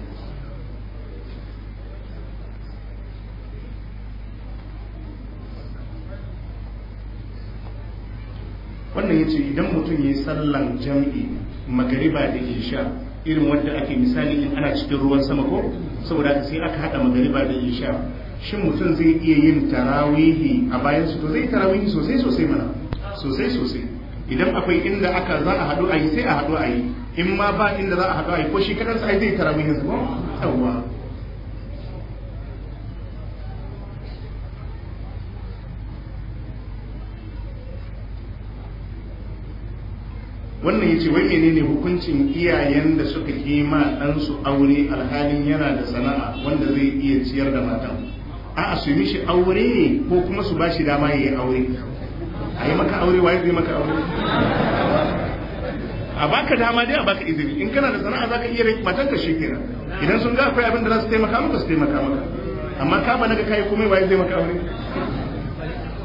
wannan yace idan mutum ya yi sallan jam'i magariba da isha irin wanda ake misali in ana cikin ruwan sama ko saboda sai aka hada magariba da isha shin mutum zai iya yin tarawihi a bayan su to zai tarawihi sosai sosai mana sosai sosai idan akwai inda aka za a haɗu a yi sai a haɗu a yi in ma ba inda za a haɗu a yi ko shi kaɗan sa zai tarawihi sa ba wannan ya ce wai menene hukuncin iyayen da suka kima ɗansu aure alhalin yana da sana'a wanda zai iya ciyar da matan a'a su yi mishi aure ne ko kuma su ba shi dama ya yi aure a yi maka aure wa zai maka aure a baka dama dai a baka izini in kana da sana'a zaka iya rai matan ka shikenan idan sun ga akwai abin da za su taimaka maka su taimaka maka amma ka ba naga kai komai waye zai maka aure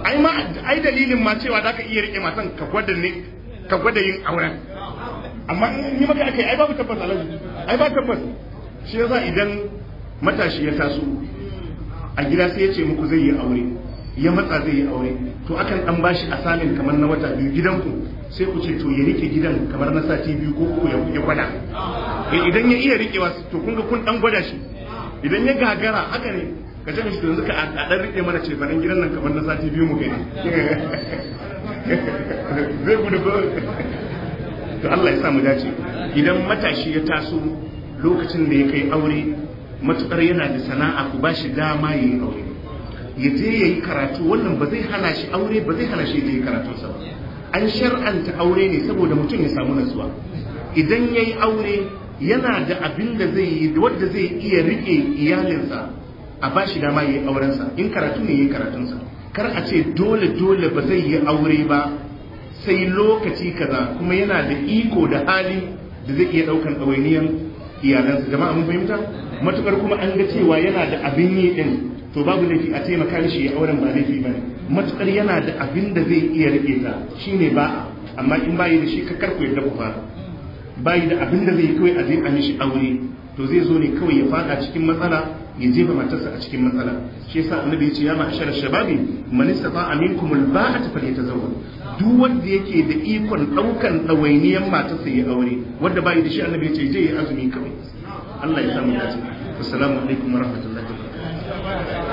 ai ma ai dalilin ma cewa zaka iya rike matan ka gwada ne ka gwada yin auren amma in yi maka akai ai babu tabbas alaji ai ba tabbas shi yasa idan matashi ya taso a gida sai ya ce muku zai yi aure ya matsa zai yi aure to akan dan bashi asamin kamar na wata biyu gidan ku sai ku ce to ya rike gidan kamar na sati biyu ko ko ya gwada eh, idan ya iya rikewa to kun ga kun dan gwada shi idan ya gagara haka ne ka ce mishi yanzu ka a dan rike mana ce faran gidan nan kamar na sati biyu mu gani (laughs) zai gudu ba to Allah ya sa mu dace idan matashi ya taso lokacin da ya kai aure Matuƙar yana da sana'a ku ba shi dama ya yi aure ya je ya yi karatu wannan ba zai hana shi aure ba zai hana shi ya yi karatunsa ba an shar'anta aure ne saboda mutum ya samu nasuwa idan ya yi aure yana da abin da zai yi wadda zai iya riƙe iyalinsa a ba shi dama ya yi aurensa in karatu ne ya yi karatunsa kar a ce dole dole ba zai yi aure ba sai lokaci kaza kuma yana da iko da hali da zai iya ɗaukan ɗawainiyar iyalansa jama'a mun fahimta matukar kuma an ga cewa yana da abin yi din to babu laifi a taimaka shi ya auren ba laifi ba ne matukar yana da abin da zai iya rike ta shine ba amma in bayi da shi ka karku yadda ku fara bayi da abin da zai kawai a je a mishi aure to zai zo ne kawai ya fada cikin matsala ya jefa matarsa a cikin matsala shi yasa annabi ya ce ya ma'ashar shababi man istata aminkum ta falyatazawwaj duk wanda yake da ikon daukan dawainiyan matarsa ya aure wanda bai da shi annabi ya ce je yi azumi kawai Allah ya samu dace assalamu alaikum warahmatullahi